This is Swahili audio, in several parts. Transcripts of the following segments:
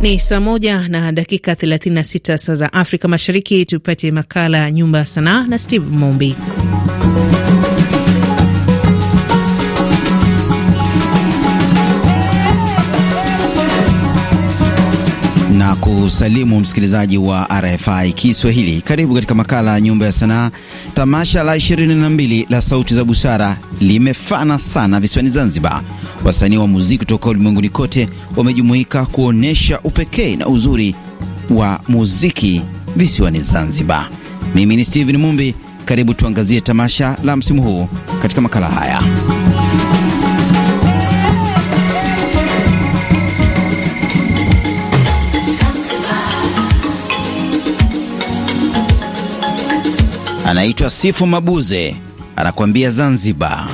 Ni saa moja na dakika 36 saa za Afrika Mashariki. Tupate makala Nyumba ya Sanaa na Steve Mumbi. kusalimu msikilizaji wa RFI Kiswahili. Karibu katika makala ya Nyumba ya Sanaa. Tamasha la 22 la Sauti za Busara limefana sana visiwani Zanzibar. Wasanii wa muziki kutoka ulimwenguni kote wamejumuika kuonesha upekee na uzuri wa muziki visiwani Zanzibar. Mimi ni Steven Mumbi, karibu tuangazie tamasha la msimu huu katika makala haya. anaitwa Sifu Mabuze, anakuambia Zanzibar.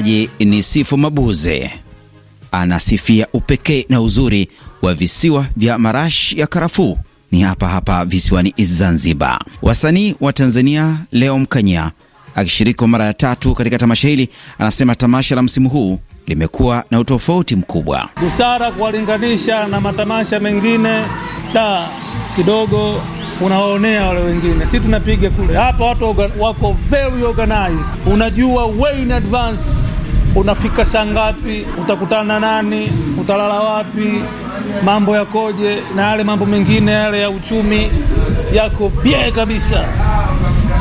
Mwigizaji ni Sifo Mabuze anasifia upekee na uzuri wa visiwa vya marashi ya karafuu ni hapa hapa visiwani Zanzibar. Wasanii wa Tanzania Leo Mkanya akishiriki kwa mara ya tatu katika tamasha hili, anasema tamasha la msimu huu limekuwa na utofauti mkubwa. Busara kuwalinganisha na matamasha mengine, da kidogo unawaonea wale wengine, si tunapiga kule, hapa watu wako very organized, unajua way in advance unafika saa ngapi, utakutana nani, utalala wapi, mambo yakoje, na yale mambo mengine yale ya uchumi yako bie kabisa.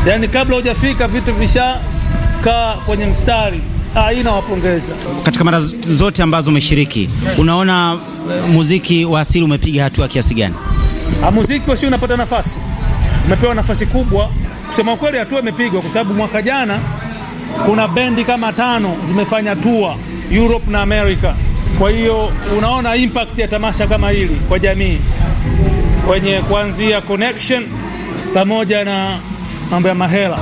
yani kabla hujafika vitu vishakaa kwenye mstari. Ah, hii Katika mara zote ambazo umeshiriki, unaona eh, muziki wa asili umepiga hatua kiasi gani? Ha, ah, muziki wasi unapata nafasi, umepewa nafasi kubwa. Kusema kweli, hatua imepigwa kwa sababu mwaka jana kuna bendi kama tano zimefanya tua Europe na America. Kwa hiyo unaona impact ya tamasha kama hili kwa jamii kwenye kuanzia connection pamoja na mambo ya mahela.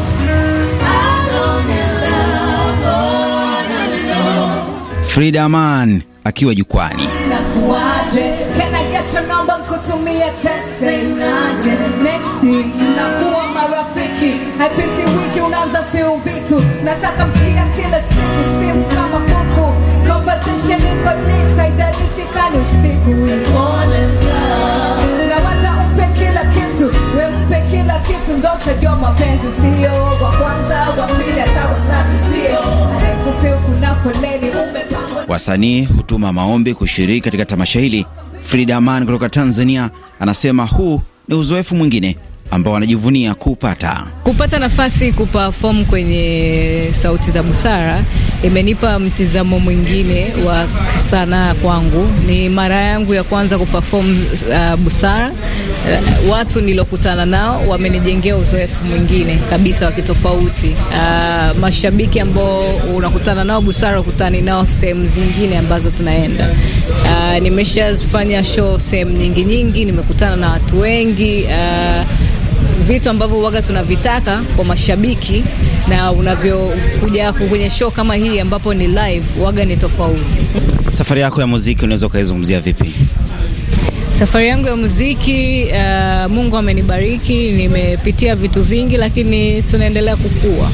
Frida Aman akiwa jukwani. Acha namba kutumia text inaje next thing nakuwa marafiki haipiti wiki unaanza fiu vitu nataka msikia kila siku simu kama kuku conversation iko lita haijalishi kani usiku nawaza umpe kila kitu we mpe kila kitu ndo utajua mapenzi sio wa kwanza wa pili hata watatu sio kufiu kuna foleni umepangwa wasanii hutuma maombi kushiriki katika tamasha hili Frida Aman kutoka Tanzania anasema huu ni uzoefu mwingine ambao anajivunia kupata kupata nafasi kuperform kwenye sauti za busara imenipa mtizamo mwingine wa sanaa kwangu. Ni mara yangu ya kwanza kuperform uh, Busara. Uh, watu nilokutana nao wamenijengea uzoefu mwingine kabisa wa kitofauti. Uh, mashabiki ambao unakutana nao Busara ukutani nao sehemu zingine ambazo tunaenda. Uh, nimeshafanya show sehemu nyingi nyingi, nimekutana na watu wengi uh, vitu ambavyo waga tunavitaka kwa mashabiki na unavyokuja kwenye show kama hii ambapo ni live waga ni tofauti. Safari yako ya muziki unaweza ukaizungumzia vipi? Safari yangu ya muziki uh, Mungu amenibariki, nimepitia vitu vingi, lakini tunaendelea kukua.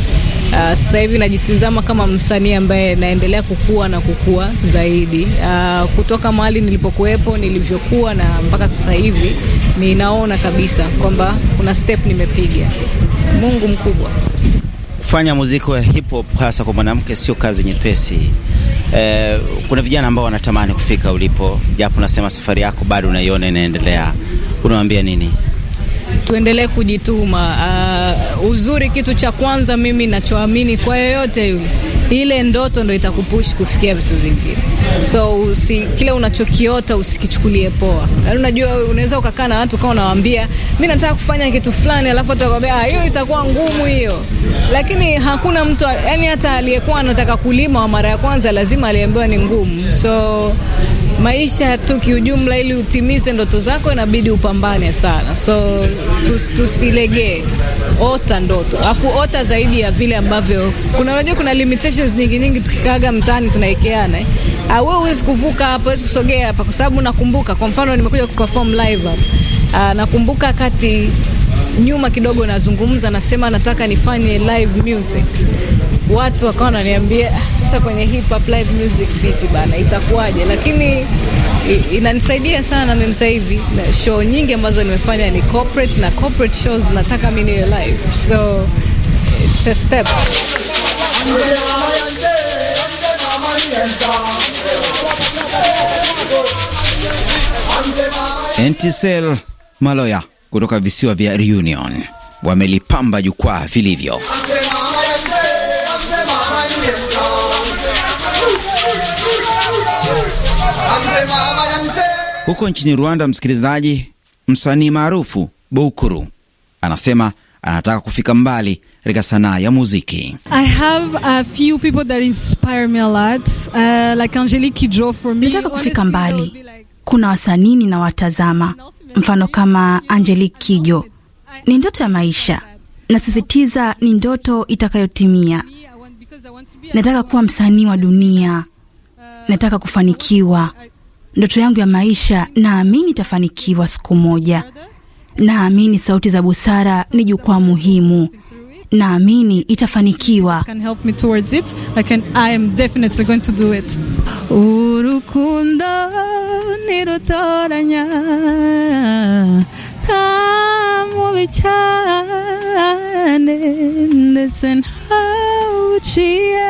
Uh, sasa hivi najitizama kama msanii ambaye naendelea kukua na kukua zaidi, uh, kutoka mahali nilipokuwepo, nilivyokuwa na mpaka sasa hivi, ninaona kabisa kwamba kuna step nimepiga. Mungu mkubwa. Kufanya muziki wa hip hop hasa kwa mwanamke sio kazi nyepesi eh, kuna vijana ambao wanatamani kufika ulipo, japo unasema safari yako bado unaiona inaendelea, unawaambia nini? tuendelee kujituma. Uh, uzuri, kitu cha kwanza mimi nachoamini kwa yoyote yule, ile ndoto ndo itakupush kufikia vitu vingine. So usi, kile unachokiota usikichukulie poa. Yaani unajua unaweza ukakaa na watu kama unawaambia mimi nataka kufanya kitu fulani, alafu atakwambia ah, hiyo itakuwa ngumu hiyo. Lakini hakuna mtu yani, hata aliyekuwa anataka kulima wa mara ya kwanza lazima aliambiwa ni ngumu. So maisha tu kiujumla, ili utimize ndoto zako inabidi upambane sana, so tusilegee, ota ndoto, afu ota zaidi ya vile ambavyo kuna. Unajua kuna limitations nyingi nyingi, tukikaaga mtaani tunaekeana eh. Ah, wewe huwezi kuvuka hapa, huwezi kusogea hapa, kwa sababu nakumbuka, kwa mfano nimekuja kuperform live hapa ah, nakumbuka kati nyuma kidogo nazungumza, nasema nataka nifanye live music watu wakawa wananiambia sasa, kwenye hip hop live music vipi bana, itakuwaje? Lakini inanisaidia sana mimi sasa hivi, show nyingi ambazo nimefanya ni corporate na corporate shows, nataka mimi niwe live, so it's a step Entisel Maloya kutoka visiwa vya Reunion wamelipamba jukwaa vilivyo. Huko nchini Rwanda, msikilizaji, msanii maarufu Bukuru anasema anataka kufika mbali katika sanaa ya muziki. Nataka kufika mbali. Kuna wasanii ninawatazama, mfano kama Angelique Kijo. Ni ndoto ya maisha, nasisitiza, ni ndoto itakayotimia. Nataka kuwa msanii wa dunia, nataka kufanikiwa ndoto yangu ya maisha, naamini itafanikiwa siku moja. Naamini sauti za busara ni jukwaa muhimu, naamini itafanikiwa. Urukundo nirutoranya tjanen sen hauchie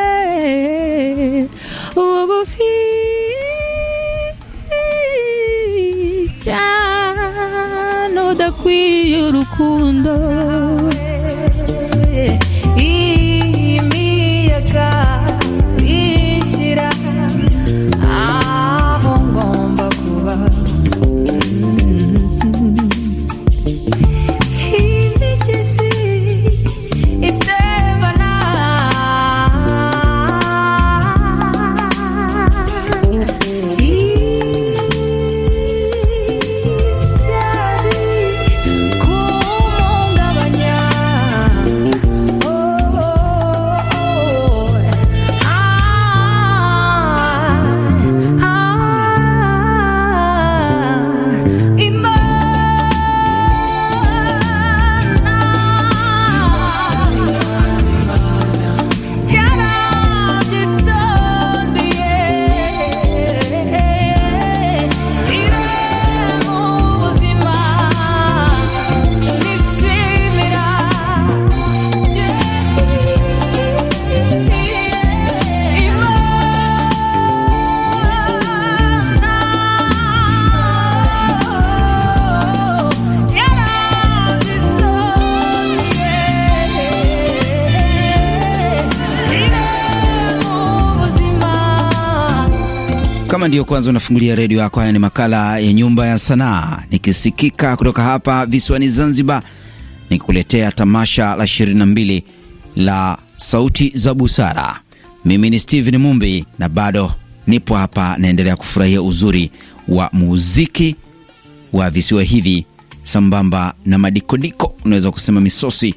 wobufi tjano da qui urukundo Kama ndiyo kwanza unafungulia redio yako, haya ni makala ya Nyumba ya Sanaa nikisikika kutoka hapa visiwani Zanzibar, nikikuletea tamasha la 22 la Sauti za Busara. Mimi ni Steven Mumbi na bado nipo hapa, naendelea kufurahia uzuri wa muziki wa visiwa hivi sambamba na madikodiko, unaweza kusema misosi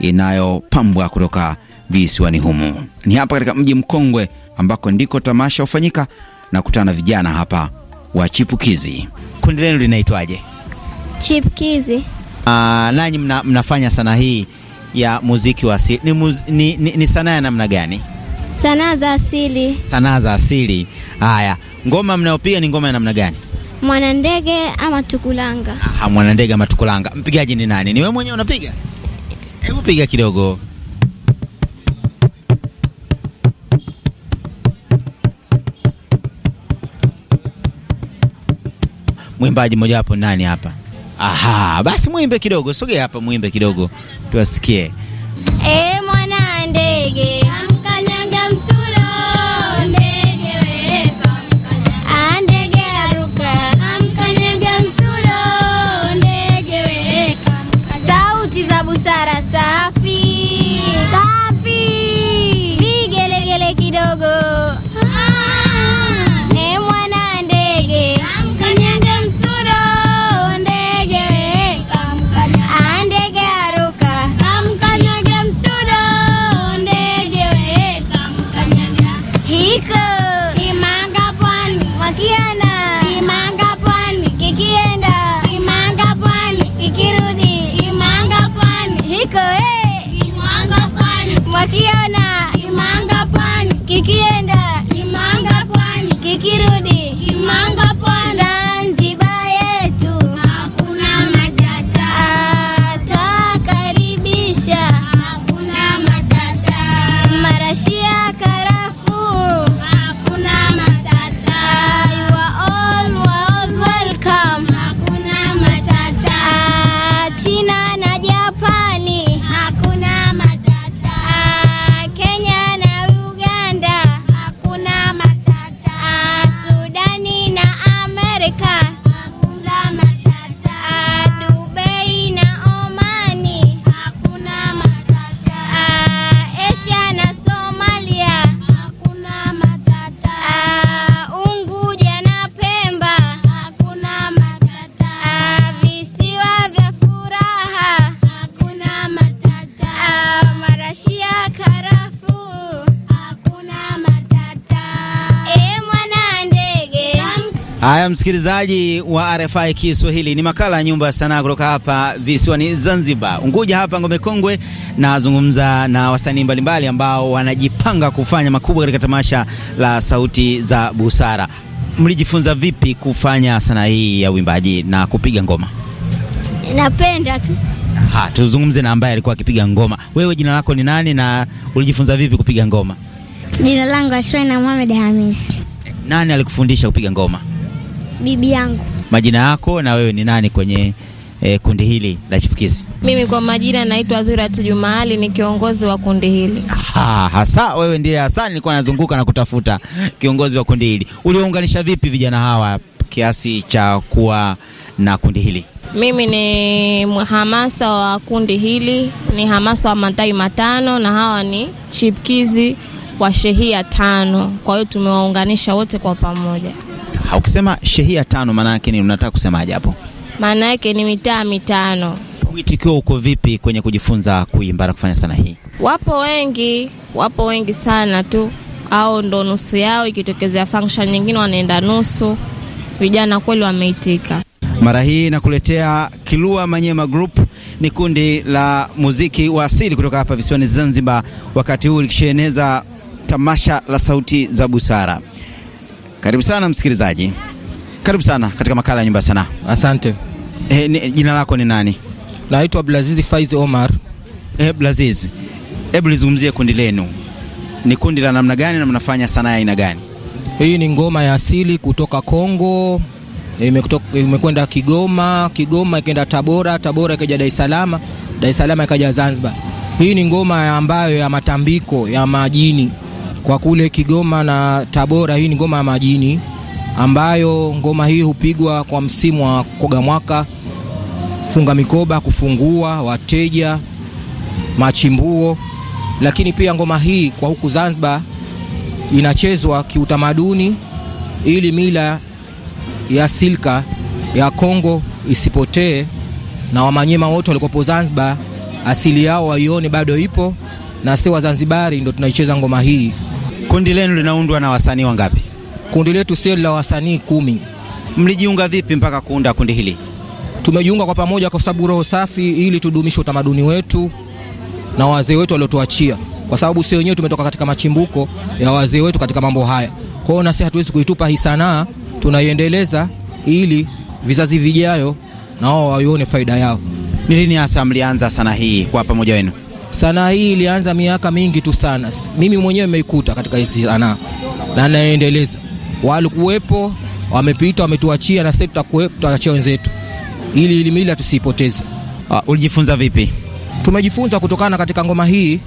inayopambwa kutoka visiwani humu. Ni hapa katika mji mkongwe ambako ndiko tamasha hufanyika nakutana na vijana hapa wa chipukizi. Kundi lenu linaitwaje? Chipukizi. Aa, ah, nanyi mna, mnafanya sanaa hii ya muziki wa asili ni, muz, ni, ni, ni sanaa ya namna gani? Sanaa za asili. Sanaa za asili. Haya, ngoma mnayopiga ni ngoma ya namna gani? Mwanandege ama tukulanga? Aha, mwanandege ama tukulanga. Mpigaji ni nani? Ni wewe mwenyewe unapiga? Hebu piga kidogo. mwimbaji mmoja wapo nani hapa? Aha, basi mwimbe kidogo, sogea hapa, mwimbe kidogo tuwasikie. Eh. msikilizaji wa RFI Kiswahili, ni makala ya Nyumba ya Sanaa kutoka hapa visiwani Zanzibar, Unguja, hapa Ngome Kongwe. Nazungumza na wasanii mbalimbali ambao wanajipanga kufanya makubwa katika tamasha la Sauti za Busara. Mlijifunza vipi kufanya sanaa hii ya uimbaji na kupiga ngoma? Napenda tu. Ha, tuzungumze na ambaye alikuwa akipiga ngoma. Wewe jina lako ni nani na ulijifunza vipi kupiga ngoma? Jina langu Ashraina Mohamed Hamis. Nani alikufundisha kupiga ngoma? bibi yangu. Majina yako na wewe ni nani kwenye e, kundi hili la chipukizi? Mimi kwa majina naitwa Dhuratu Jumaali, ni kiongozi wa kundi hili. Ha, hasa wewe ndiye hasa nilikuwa nazunguka na kutafuta kiongozi wa kundi hili. Uliunganisha vipi vijana hawa kiasi cha kuwa na kundi hili? Mimi ni hamasa wa kundi hili, ni hamasa wa matai matano, na hawa ni chipukizi wa shehia tano. Kwa hiyo tumewaunganisha wote kwa pamoja. Ukisema shehia tano maana yake ni unataka kusema ajapo? Maana yake ni mitaa mitano. Uitikio uko vipi kwenye kujifunza kuimba na kufanya sanaa hii? Wapo wengi, wapo wengi sana tu, au ndo nusu yao, ikitokezea function nyingine wanaenda nusu. Vijana kweli wameitika. Mara hii nakuletea Kilua Manyema Group, ni kundi la muziki wa asili kutoka hapa visiwani Zanzibar, wakati huu likisheneza tamasha la sauti za busara. Karibu sana msikilizaji, karibu sana katika makala ya nyumba ya sanaa. Asante. E, jina lako ni nani? Naitwa Abdulaziz Faiz Omar. E, Abdulaziz, hebu lizungumzie kundi lenu, ni kundi la namna gani na mnafanya sanaa ya aina gani? Hii ni ngoma ya asili kutoka Kongo imekwenda Kigoma, Kigoma ikaenda Tabora, Tabora ikaja Dar es Salaam, Dar es Salaam ikaja Zanzibar. Hii ni ngoma ambayo ya matambiko ya majini kwa kule Kigoma na Tabora. Hii ni ngoma ya majini ambayo ngoma hii hupigwa kwa msimu wa koga mwaka, funga mikoba, kufungua wateja, machimbuo. Lakini pia ngoma hii kwa huku Zanzibar inachezwa kiutamaduni ili mila ya silka ya Kongo isipotee na Wamanyema wote walikopo Zanzibar asili yao waione bado ipo, na si Wazanzibari ndo tunaicheza ngoma hii. Kundi lenu linaundwa na wasanii wangapi? Kundi letu sio la wasanii kumi. Mlijiunga vipi mpaka kuunda kundi hili? Tumejiunga kwa pamoja kwa sababu roho safi, ili tudumishe utamaduni wetu na wazee wetu waliotuachia, kwa sababu sio wenyewe tumetoka katika machimbuko ya wazee wetu katika mambo haya. Kwa hiyo na sisi hatuwezi kuitupa hii sanaa, tunaiendeleza ili vizazi vijayo na wao waione faida yao. Ni lini hasa mlianza sanaa hii kwa pamoja wenu? sanaa hii ilianza miaka mingi tu sana. Mimi mwenyewe nimeikuta katika hizi sanaa na naendeleza, walikuwepo wamepita, wametuachia na sisi tutaachia wenzetu, ili ili mila tusipoteze. Ah, ulijifunza vipi? Tumejifunza kutokana katika ngoma hii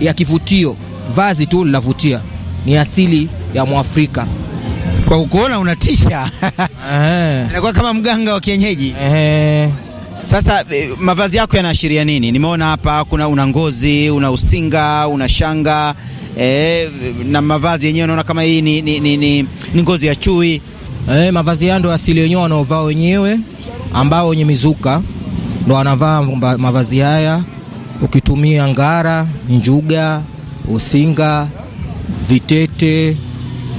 ya kivutio, vazi tu linavutia, ni asili ya Mwafrika. Kwa kuona unatisha inakuwa kama mganga wa kienyeji. Ehe. Sasa eh, mavazi yako yanaashiria nini? Nimeona hapa kuna una ngozi, una usinga, una shanga e, na mavazi yenyewe naona kama hii ni, ni, ni, ni, ni ngozi ya chui e, mavazi yao ndo asili wenyewe wanaovaa wenyewe, ambao wenye mizuka ndo wanavaa mavazi haya, ukitumia ngara, njuga, usinga, vitete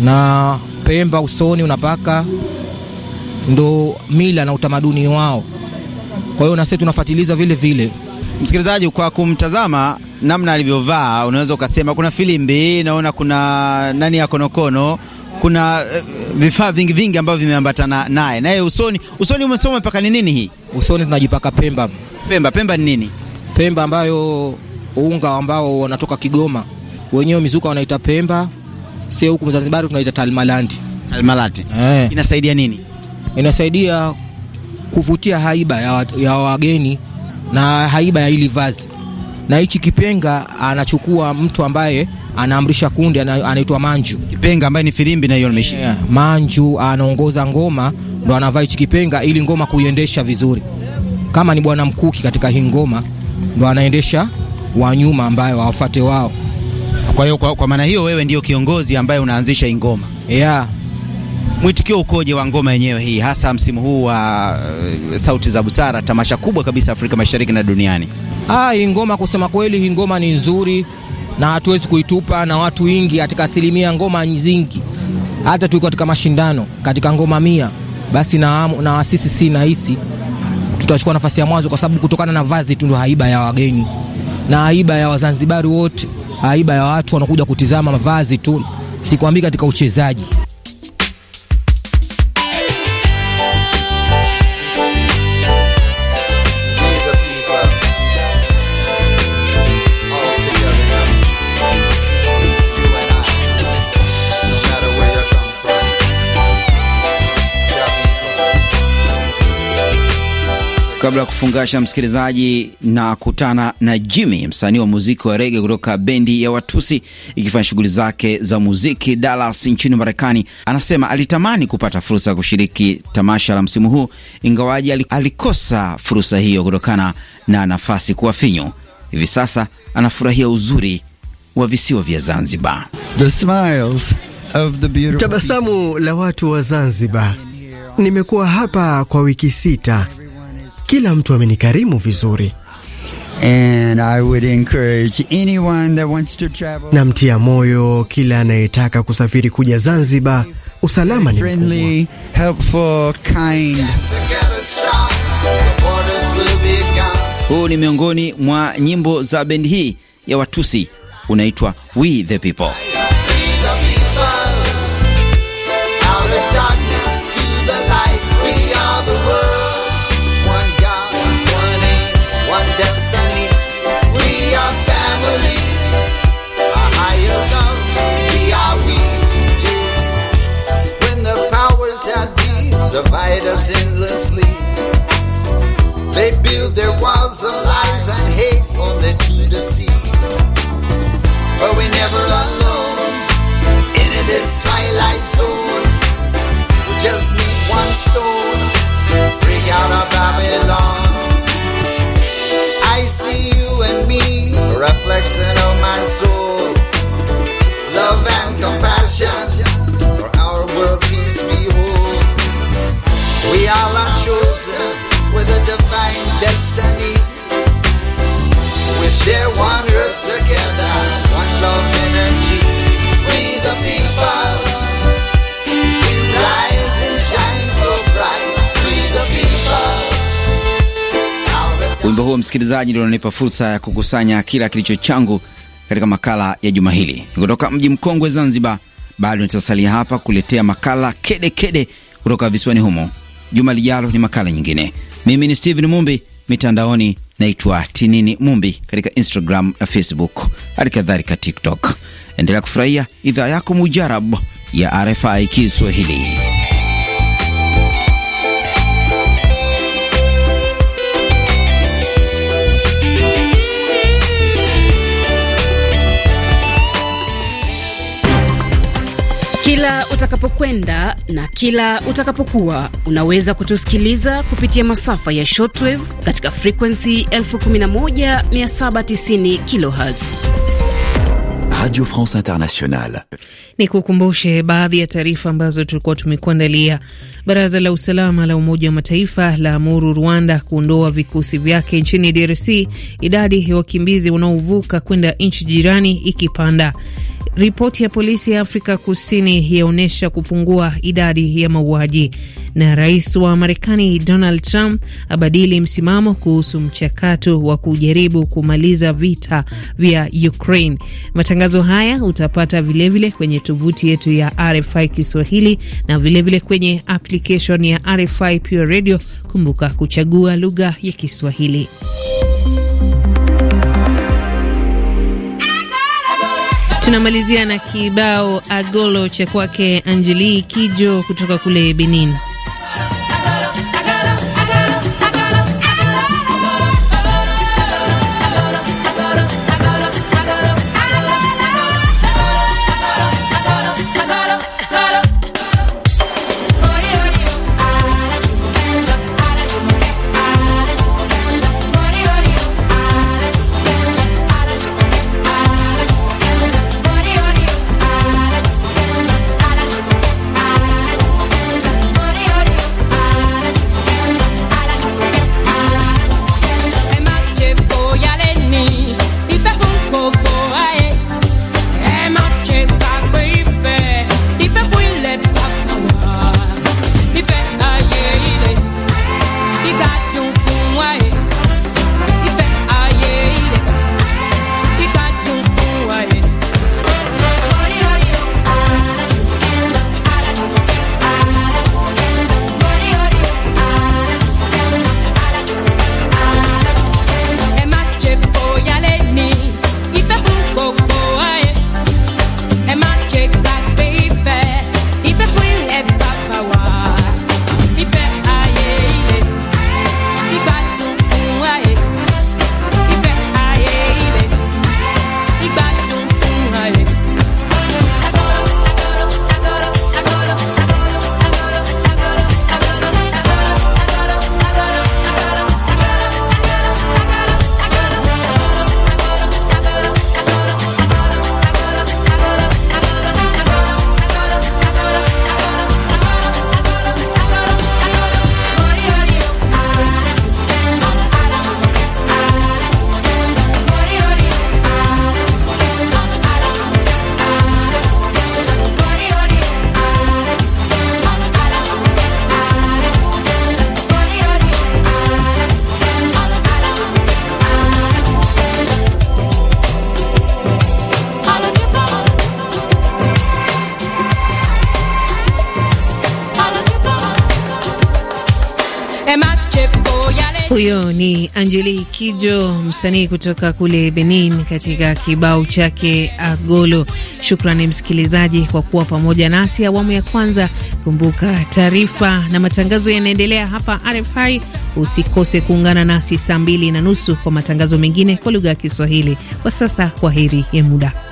na pemba usoni unapaka, ndo mila na utamaduni wao. Kwa hiyo na sisi tunafuatiliza vile vile. Msikilizaji, kwa kumtazama namna alivyovaa, unaweza ukasema kuna filimbi, naona kuna nani ya konokono kuna uh, vifaa vingi vingi ambavyo vimeambatana naye naye usoni. Usoni umesoma mpaka ni nini hii? Usoni tunajipaka pemba. Pemba, pemba ni nini? Pemba ambayo unga ambao wanatoka Kigoma wenyewe, mizuka wanaita pemba, sio huku Zanzibar tunaita talmalandi. Talmalati. Eh. Inasaidia nini? Inasaidia kuvutia haiba ya, ya wageni na haiba ya hili vazi. Na hichi kipenga anachukua mtu ambaye anaamrisha kundi anaitwa manju. Kipenga ambaye ni filimbi na hiyo nimeshika. Yeah, manju anaongoza ngoma ndo anavaa hichi kipenga ili ngoma kuiendesha vizuri. Kama ni bwana mkuki katika hii ngoma ndo anaendesha wanyuma ambayo wafuate wao. Kwa hiyo kwa, kwa maana hiyo wewe ndio kiongozi ambaye unaanzisha hii ngoma. Yeah. Mwitikio ukoje wa ngoma yenyewe hii hasa msimu huu wa uh, Sauti za Busara, tamasha kubwa kabisa Afrika Mashariki na duniani? Ah, hii ngoma kusema kweli, hii ngoma ni nzuri na hatuwezi kuitupa, na watu wengi katika asilimia ngoma nyingi, hata tuko katika mashindano katika ngoma mia, basi na na sisi si nahisi tutachukua nafasi ya mwanzo, kwa sababu kutokana na vazi tu ndo haiba ya wageni na haiba ya Wazanzibari wote, haiba ya watu wanakuja kutizama mavazi tu, sikwambii katika uchezaji. Kabla ya kufungasha, msikilizaji, na kutana na Jimmy, msanii wa muziki wa rege kutoka bendi ya Watusi ikifanya shughuli zake za muziki Dallas nchini Marekani. Anasema alitamani kupata fursa ya kushiriki tamasha la msimu huu, ingawaji alikosa fursa hiyo kutokana na nafasi kuwa finyu. Hivi sasa anafurahia uzuri wa visiwa vya Zanzibar, tabasamu la watu wa Zanzibar. Nimekuwa hapa kwa wiki sita kila mtu amenikarimu vizuri. na mtia Namtia moyo kila anayetaka kusafiri kuja Zanzibar. Usalama ni Helpful, kind. Huu ni miongoni mwa nyimbo za bendi hii ya Watusi unaitwa We the People. walls of lies and hate only to deceive. But we're never alone in this twilight zone. We just need one stone, bring out of Babylon. I see you and me, reflection of my soul. Wimbo huo msikilizaji, ndio unanipa fursa ya kukusanya kila kilicho changu katika makala ya juma hili. Kutoka mji mkongwe Zanzibar, bado nitasalia hapa kuletea makala kedekede kutoka visiwani humo. Juma lijalo ni makala nyingine. Mimi ni stehen Mumbi, mitandaoni naitwa Tinini Mumbi katika Instagram na Facebook, hadi kadhalika TikTok. Endelea kufurahia idhaa yako mujarab ya RFI Kiswahili. utakapokwenda na kila utakapokuwa, unaweza kutusikiliza kupitia masafa ya shortwave katika frequency 11790 kilohertz. Radio France Ni kukumbushe baadhi ya taarifa ambazo tulikuwa tumekuandalia. Baraza la usalama la Umoja wa Mataifa la amuru Rwanda kuondoa vikosi vyake nchini DRC, idadi ya wakimbizi wanaovuka kwenda nchi jirani ikipanda. Ripoti ya polisi ya Afrika Kusini yaonyesha kupungua idadi ya mauaji. Na rais wa Marekani Donald Trump abadili msimamo kuhusu mchakato wa kujaribu kumaliza vita vya Ukraine. Matangazo haya utapata vilevile vile kwenye tovuti yetu ya RFI Kiswahili na vilevile vile kwenye application ya RFI Pure Radio. Kumbuka kuchagua lugha ya Kiswahili. Tunamalizia na kibao agolo cha kwake angeli Kijo kutoka kule Benin. Huyo ni Angeli Kijo, msanii kutoka kule Benin, katika kibao chake Agolo. Shukrani msikilizaji kwa kuwa pamoja nasi awamu ya kwanza. Kumbuka taarifa na matangazo yanaendelea hapa RFI. Usikose kuungana nasi saa mbili na nusu kwa matangazo mengine kwa lugha ya Kiswahili. Kwa sasa, kwa heri ya muda.